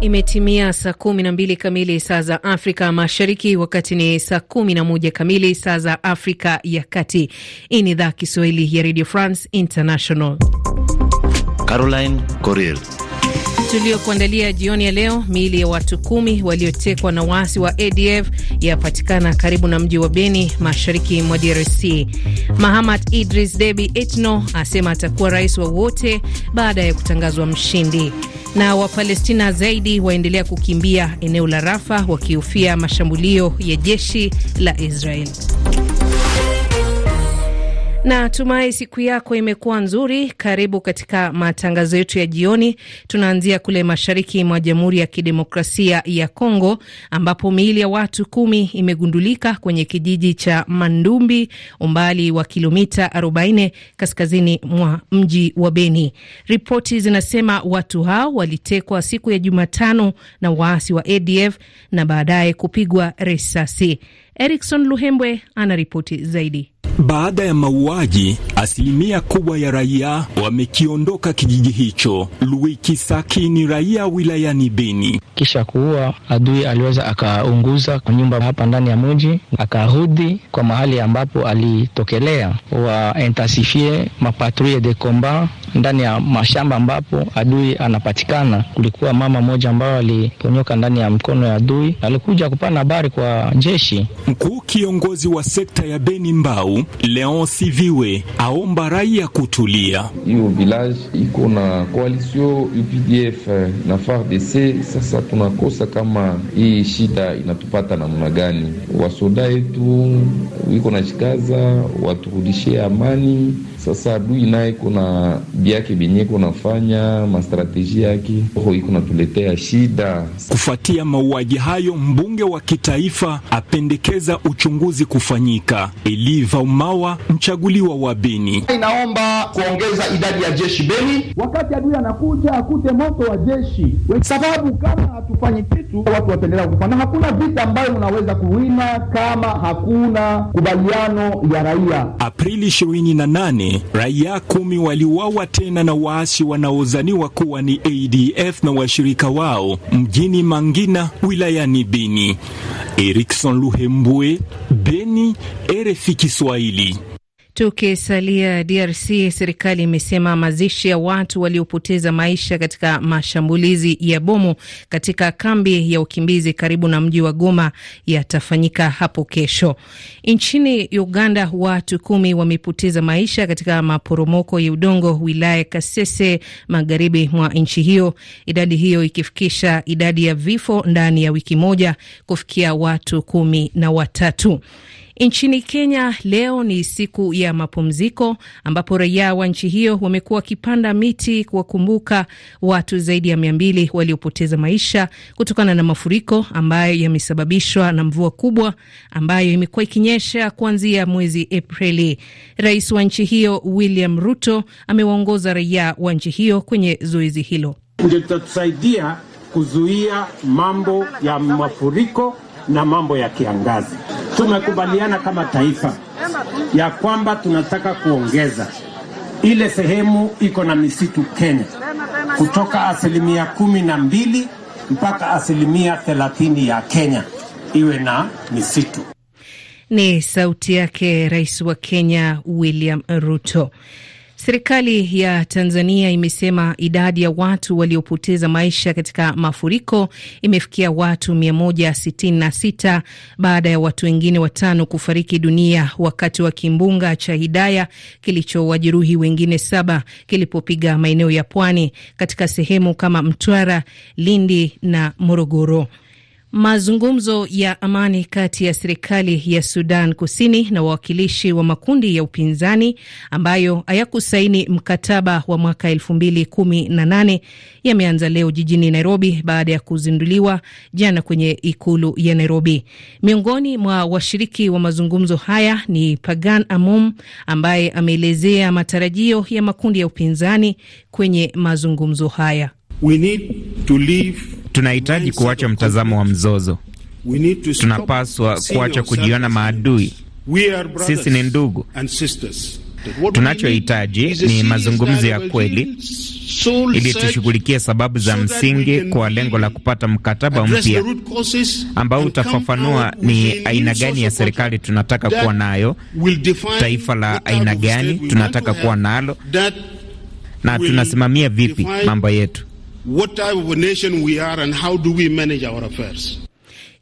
Imetimia saa kumi na mbili kamili saa za Afrika Mashariki, wakati ni saa kumi na moja kamili saa za Afrika ya Kati. Hii ni idhaa Kiswahili ya Radio France International. Caroline Corel tuliokuandalia jioni ya leo. Miili ya watu kumi waliotekwa na waasi wa ADF yapatikana karibu na mji wa Beni, mashariki mwa DRC. Mahamad Idris Debi Etno asema atakuwa rais wa wote baada ya kutangazwa mshindi. Na Wapalestina zaidi waendelea kukimbia eneo la Rafa wakihofia mashambulio ya jeshi la Israel. Na tumai siku yako imekuwa nzuri. Karibu katika matangazo yetu ya jioni. Tunaanzia kule mashariki mwa Jamhuri ya Kidemokrasia ya Kongo, ambapo miili ya watu kumi imegundulika kwenye kijiji cha Mandumbi, umbali wa kilomita 40 kaskazini mwa mji wa Beni. Ripoti zinasema watu hao walitekwa siku ya Jumatano na waasi wa ADF na baadaye kupigwa risasi. Erikson Luhembwe ana ripoti zaidi. Baada ya mauaji, asilimia kubwa ya raia wamekiondoka kijiji hicho. kisaki ni raia wilayani Beni. Kisha kuua adui, aliweza akaunguza nyumba hapa ndani ya mji, akarudi kwa mahali ambapo alitokelea. Waintensifie mapatrouille de combat ndani ya mashamba ambapo adui anapatikana. Kulikuwa mama mmoja ambayo aliponyoka ndani ya mkono ya adui, alikuja kupana habari kwa jeshi mkuu. Kiongozi wa sekta ya Beni Mbao Kisau, Leon Siviwe aomba raia kutulia. Hiyo village iko na koalisio UPDF eh, na FARDC. Sasa tunakosa kama hii shida inatupata namna gani? Wasoda yetu iko na shikaza, waturudishie amani sasa adui naye kuna biake benye kunafanya mastrateji yake ho iko natuletea shida. Kufuatia mauaji hayo, mbunge wa kitaifa apendekeza uchunguzi kufanyika. Eliva Umawa, mchaguliwa wa Beni, inaomba kuongeza idadi ya jeshi Beni wakati adui anakuja akute moto wa jeshi, sababu kama hatufanyi kitu watu wataendelea kufa, na hakuna vita ambayo unaweza kuwina kama hakuna kubaliano ya raia. Aprili 28 Raia kumi waliuawa tena na waasi wanaozaniwa kuwa ni ADF na washirika wao mjini Mangina wilayani Beni. Erikson Luhembwe, Beni, RFI Kiswahili. Tukisalia DRC, serikali imesema mazishi ya watu waliopoteza maisha katika mashambulizi ya bomu katika kambi ya ukimbizi karibu na mji wa Goma yatafanyika hapo kesho. Nchini Uganda, watu kumi wamepoteza maisha katika maporomoko ya udongo wilaya Kasese, magharibi mwa nchi hiyo, idadi hiyo ikifikisha idadi ya vifo ndani ya wiki moja kufikia watu kumi na watatu. Nchini Kenya leo ni siku ya mapumziko ambapo raia wa nchi hiyo wamekuwa wakipanda miti kuwakumbuka watu zaidi ya mia mbili waliopoteza maisha kutokana na mafuriko ambayo yamesababishwa na mvua kubwa ambayo imekuwa ikinyesha kuanzia mwezi Aprili. Rais wa nchi hiyo William Ruto amewaongoza raia wa nchi hiyo kwenye zoezi hilo. Ndio tutatusaidia kuzuia mambo ya mafuriko na mambo ya kiangazi. Tumekubaliana kama taifa ya kwamba tunataka kuongeza ile sehemu iko na misitu Kenya kutoka asilimia kumi na mbili mpaka asilimia thelathini ya Kenya iwe na misitu. Ni sauti yake Rais wa Kenya William Ruto. Serikali ya Tanzania imesema idadi ya watu waliopoteza maisha katika mafuriko imefikia watu 166 baada ya watu wengine watano kufariki dunia wakati wa kimbunga cha Hidaya kilichowajeruhi wengine saba kilipopiga maeneo ya pwani katika sehemu kama Mtwara, Lindi na Morogoro. Mazungumzo ya amani kati ya serikali ya Sudan Kusini na wawakilishi wa makundi ya upinzani ambayo hayakusaini mkataba wa mwaka elfu mbili kumi na nane yameanza leo jijini Nairobi baada ya kuzinduliwa jana kwenye ikulu ya Nairobi. Miongoni mwa washiriki wa mazungumzo haya ni Pagan Amum ambaye ameelezea matarajio ya makundi ya upinzani kwenye mazungumzo haya. We need to leave Tunahitaji kuacha mtazamo wa mzozo, tunapaswa kuacha kujiona maadui. Sisi ni ndugu. Tunachohitaji ni mazungumzo ya kweli ili tushughulikie sababu za msingi kwa lengo la kupata mkataba mpya ambao utafafanua ni aina gani ya serikali tunataka kuwa nayo, taifa la aina gani tunataka kuwa nalo, na tunasimamia vipi mambo yetu what type of a nation we are and how do we manage our affairs.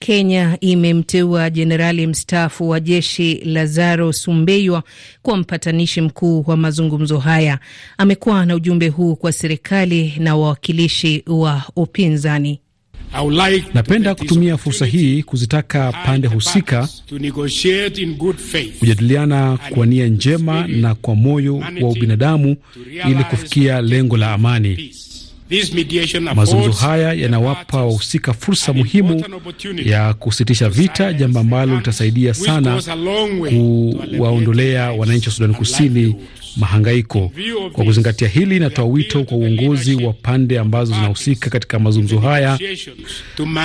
Kenya imemteua jenerali mstaafu wa jeshi Lazaro Sumbeywa kuwa mpatanishi mkuu wa mazungumzo haya. Amekuwa na ujumbe huu kwa serikali na wawakilishi wa upinzani. Like napenda kutumia fursa hii kuzitaka pande husika kujadiliana kwa nia njema na kwa moyo wa ubinadamu ili kufikia lengo la amani. Mazungumzo haya yanawapa wahusika fursa muhimu ya kusitisha vita, jambo ambalo litasaidia sana kuwaondolea wananchi wa Sudani Kusini mahangaiko. Kwa kuzingatia hili, inatoa wito kwa uongozi wa pande ambazo zinahusika katika mazungumzo haya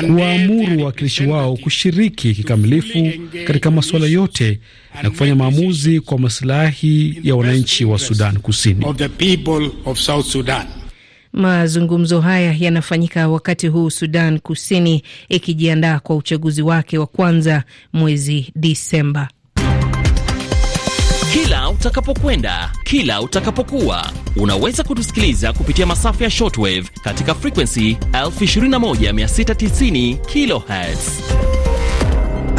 kuwaamuru wawakilishi wao kushiriki kikamilifu katika masuala yote na kufanya maamuzi kwa masilahi ya wananchi wa Sudan Kusini. Mazungumzo haya yanafanyika wakati huu Sudan Kusini ikijiandaa kwa uchaguzi wake wa kwanza mwezi Disemba. Kila utakapokwenda, kila utakapokuwa, unaweza kutusikiliza kupitia masafa ya shortwave katika frequency 21690 kh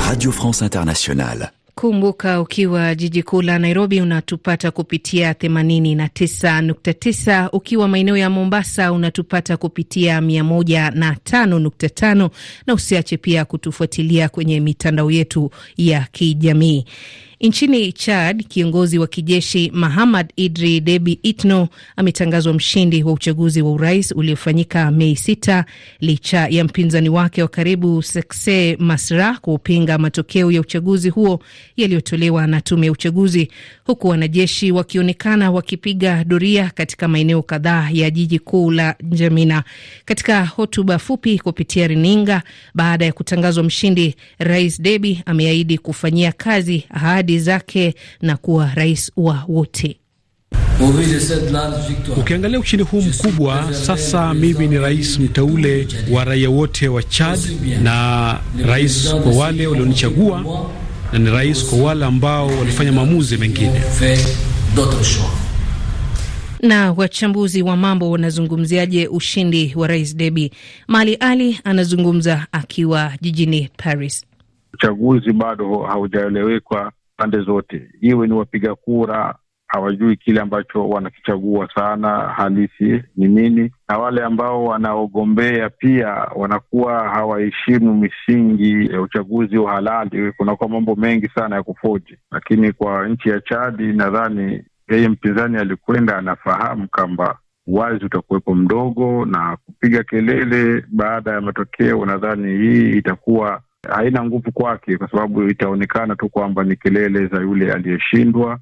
Radio France Internationale. Kumbuka ukiwa jiji kuu la Nairobi unatupata kupitia 89.9, ukiwa maeneo ya Mombasa unatupata kupitia 105.5, na usiache pia kutufuatilia kwenye mitandao yetu ya kijamii. Nchini Chad, kiongozi wa kijeshi Mahamad Idri Debi Itno ametangazwa mshindi wa uchaguzi wa urais uliofanyika Mei 6 licha ya mpinzani wake wa karibu Sekse Masra kupinga matokeo ya uchaguzi huo yaliyotolewa na tume ya uchaguzi, huku wanajeshi wakionekana wakipiga doria katika maeneo kadhaa ya jiji kuu la Njamina. Katika hotuba fupi kupitia rininga baada ya kutangazwa mshindi, Rais Debi ameahidi kufanyia kazi ahadi ahadi zake na kuwa rais wa wote. Ukiangalia ushindi huu mkubwa, sasa mimi ni rais mteule wa raia wote wa Chad na rais kwa wale walionichagua na ni rais kwa wale ambao walifanya maamuzi mengine. Na wachambuzi wa mambo wanazungumziaje ushindi wa rais Deby? Mali Ali anazungumza akiwa jijini Paris. Uchaguzi bado haujaelewekwa pande zote, iwe ni wapiga kura hawajui kile ambacho wanakichagua sana halisi ni nini, na wale ambao wanaogombea pia wanakuwa hawaheshimu misingi ya uchaguzi wa halali. Kunakuwa mambo mengi sana ya kufoji, lakini kwa nchi ya Chadi nadhani yeye mpinzani alikwenda anafahamu kwamba wazi utakuwepo mdogo, na kupiga kelele baada ya matokeo, nadhani hii itakuwa haina nguvu kwake, kwa sababu itaonekana tu kwamba ni kelele za yule aliyeshindwa.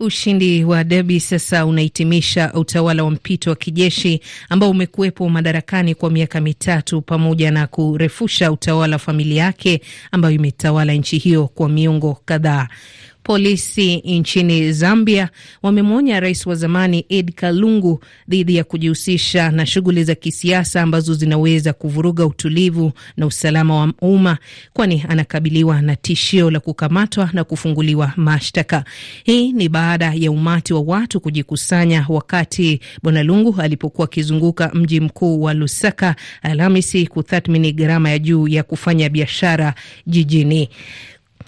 Ushindi wa Derby sasa unahitimisha utawala wa mpito wa kijeshi ambao umekuwepo madarakani kwa miaka mitatu pamoja na kurefusha utawala wa familia yake ambayo imetawala nchi hiyo kwa miongo kadhaa. Polisi nchini Zambia wamemwonya rais wa zamani Ed Kalungu dhidi ya kujihusisha na shughuli za kisiasa ambazo zinaweza kuvuruga utulivu na usalama wa umma, kwani anakabiliwa na tishio la kukamatwa na kufunguliwa mashtaka. Hii ni baada ya umati wa watu kujikusanya wakati bwana Lungu alipokuwa akizunguka mji mkuu wa Lusaka Alhamisi kutathmini gharama ya juu ya kufanya biashara jijini.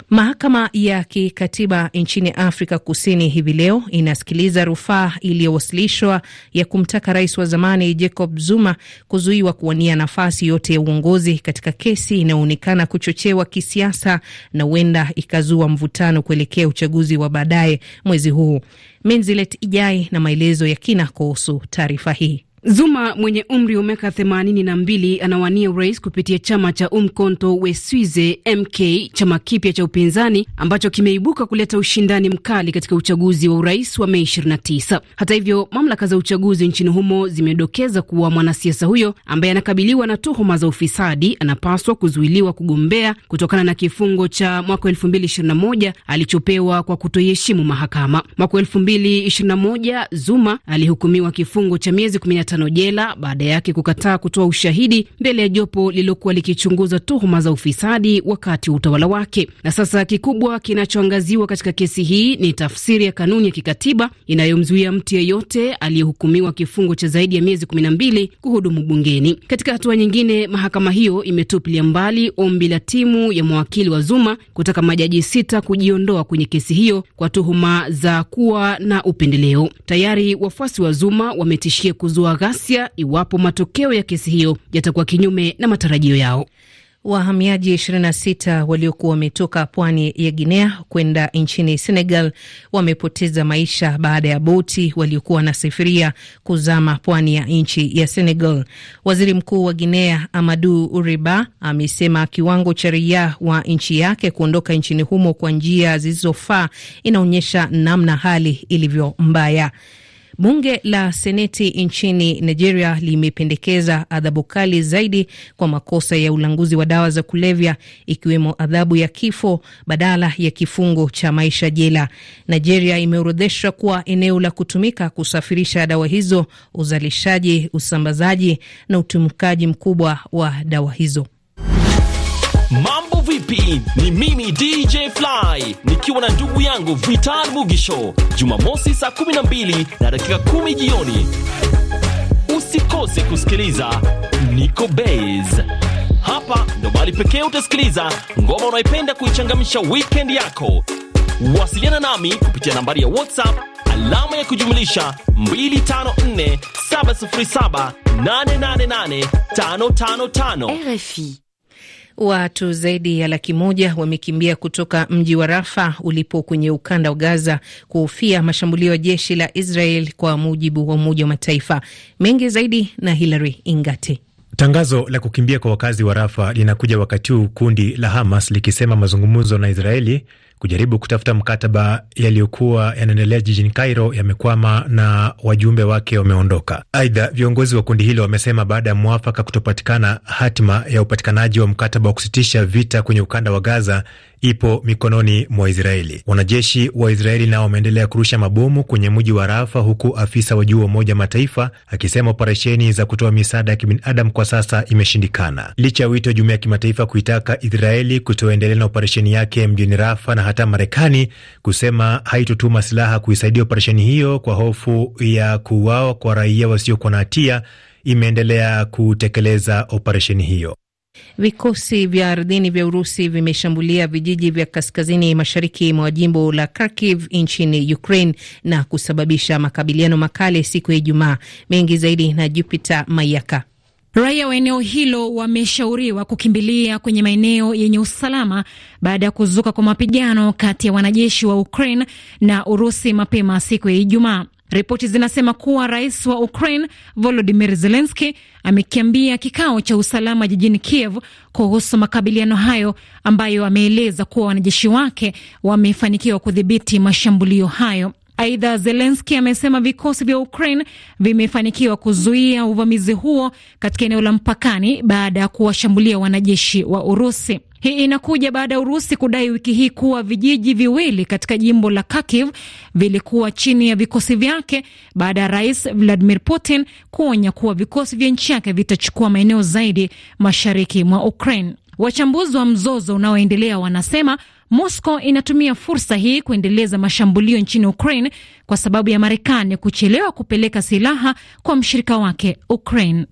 Mahakama ya kikatiba nchini Afrika Kusini hivi leo inasikiliza rufaa iliyowasilishwa ya kumtaka rais wa zamani Jacob Zuma kuzuiwa kuwania nafasi yote ya uongozi katika kesi inayoonekana kuchochewa kisiasa na huenda ikazua mvutano kuelekea uchaguzi wa baadaye mwezi huu. Menzilet Ijai na maelezo ya kina kuhusu taarifa hii. Zuma mwenye umri wa miaka themanini na mbili anawania urais kupitia chama cha Umkonto Weswize MK, chama kipya cha upinzani ambacho kimeibuka kuleta ushindani mkali katika uchaguzi wa urais wa Mei 29. Hata hivyo, mamlaka za uchaguzi nchini humo zimedokeza kuwa mwanasiasa huyo ambaye anakabiliwa na tuhuma za ufisadi anapaswa kuzuiliwa kugombea kutokana na kifungo cha mwaka 2021 alichopewa kwa kutoiheshimu mahakama. Mwaka 2021 Zuma alihukumiwa kifungo cha miezi 15 tano jela baada yake kukataa kutoa ushahidi mbele ya jopo lililokuwa likichunguza tuhuma za ufisadi wakati wa utawala wake. Na sasa kikubwa kinachoangaziwa katika kesi hii ni tafsiri ya kanuni ya kikatiba inayomzuia mtu yeyote aliyehukumiwa kifungo cha zaidi ya miezi kumi na mbili kuhudumu bungeni. Katika hatua nyingine, mahakama hiyo imetupilia mbali ombi la timu ya mawakili wa Zuma kutaka majaji sita kujiondoa kwenye kesi hiyo kwa tuhuma za kuwa na upendeleo. Tayari wafuasi wa Zuma wametishia kuzua ghasia iwapo matokeo ya kesi hiyo yatakuwa kinyume na matarajio yao. Wahamiaji 26 waliokuwa wametoka pwani ya Guinea kwenda nchini Senegal wamepoteza maisha baada ya boti waliokuwa wanasafiria kuzama pwani ya nchi ya Senegal. Waziri Mkuu wa Guinea Amadu Uriba amesema kiwango cha raia wa nchi yake kuondoka nchini humo kwa njia zilizofaa inaonyesha namna hali ilivyo mbaya. Bunge la Seneti nchini Nigeria limependekeza adhabu kali zaidi kwa makosa ya ulanguzi wa dawa za kulevya, ikiwemo adhabu ya kifo badala ya kifungo cha maisha jela. Nigeria imeorodheshwa kuwa eneo la kutumika kusafirisha dawa hizo, uzalishaji, usambazaji na utumikaji mkubwa wa dawa hizo. Mambo vipi? Ni mimi DJ Fly nikiwa na ndugu yangu Vital Mugisho, Jumamosi saa 12 na dakika 10 jioni, usikose kusikiliza Niko bas Hapa ndo bali pekee utasikiliza ngoma unaipenda kuichangamisha weekend yako. Wasiliana nami kupitia nambari ya WhatsApp alama ya kujumlisha 254 707 RFI. Watu zaidi ya laki moja wamekimbia kutoka mji wa Rafa ulipo kwenye ukanda wa Gaza kuhofia mashambulio ya jeshi la Israel, kwa mujibu wa Umoja wa Mataifa. Mengi zaidi na Hilary Ingati. Tangazo la kukimbia kwa wakazi wa Rafa linakuja wakati huu kundi la Hamas likisema mazungumzo na Israeli kujaribu kutafuta mkataba yaliyokuwa yanaendelea jijini Cairo yamekwama na wajumbe wake wameondoka. Aidha, viongozi wa kundi hilo wamesema baada ya mwafaka kutopatikana, hatima ya upatikanaji wa mkataba wa kusitisha vita kwenye ukanda wa Gaza ipo mikononi mwa Israeli. Wanajeshi wa Israeli nao wameendelea kurusha mabomu kwenye mji wa Rafa, huku afisa wa juu wa Umoja Mataifa akisema operesheni za kutoa misaada ya kibinadamu kwa sasa imeshindikana, licha ya wito wa jumuiya ya kimataifa kuitaka Israeli kutoendelea na operesheni yake mjini Rafa na hata Marekani kusema haitotuma silaha kuisaidia operesheni hiyo kwa hofu ya kuuawa kwa raia wasiokuwa na hatia, imeendelea kutekeleza operesheni hiyo. Vikosi vya ardhini vya Urusi vimeshambulia vijiji vya kaskazini mashariki mwa jimbo la Kharkiv nchini Ukraine na kusababisha makabiliano makali siku ya Ijumaa. Mengi zaidi na Jupiter Mayaka. Raia wa eneo hilo wameshauriwa kukimbilia kwenye maeneo yenye usalama baada ya kuzuka kwa mapigano kati ya wanajeshi wa Ukraine na Urusi mapema siku ya Ijumaa. Ripoti zinasema kuwa rais wa Ukraine Volodimir Zelenski amekiambia kikao cha usalama jijini Kiev kuhusu makabiliano hayo, ambayo ameeleza kuwa wanajeshi wake wamefanikiwa kudhibiti mashambulio hayo. Aidha, Zelenski amesema vikosi vya Ukraine vimefanikiwa kuzuia uvamizi huo katika eneo la mpakani baada ya kuwashambulia wanajeshi wa Urusi. Hii inakuja baada ya Urusi kudai wiki hii kuwa vijiji viwili katika jimbo la Kharkiv vilikuwa chini ya vikosi vyake baada ya rais Vladimir Putin kuonya kuwa vikosi vya nchi yake vitachukua maeneo zaidi mashariki mwa Ukraine. Wachambuzi wa mzozo unaoendelea wanasema Moscow inatumia fursa hii kuendeleza mashambulio nchini Ukraine kwa sababu ya Marekani kuchelewa kupeleka silaha kwa mshirika wake Ukraine.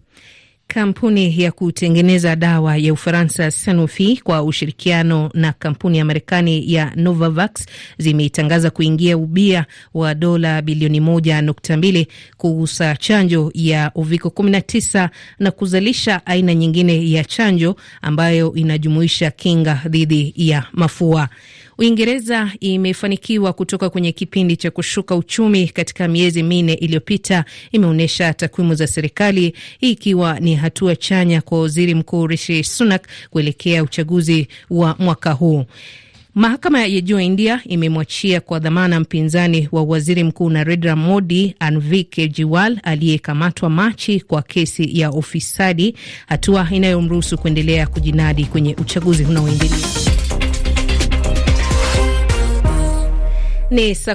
Kampuni ya kutengeneza dawa ya Ufaransa Sanofi kwa ushirikiano na kampuni ya Marekani ya Novavax zimetangaza kuingia ubia wa dola bilioni moja nukta mbili kuhusa chanjo ya uviko 19 na kuzalisha aina nyingine ya chanjo ambayo inajumuisha kinga dhidi ya mafua. Uingereza imefanikiwa kutoka kwenye kipindi cha kushuka uchumi katika miezi minne iliyopita, imeonyesha takwimu za serikali, hii ikiwa ni hatua chanya kwa waziri mkuu Rishi Sunak kuelekea uchaguzi wa mwaka huu. Mahakama ya juu ya India imemwachia kwa dhamana mpinzani wa waziri mkuu Narendra Modi, Anvik Kejriwal, aliyekamatwa Machi kwa kesi ya ufisadi, hatua inayomruhusu kuendelea kujinadi kwenye uchaguzi unaoendelea. Nessa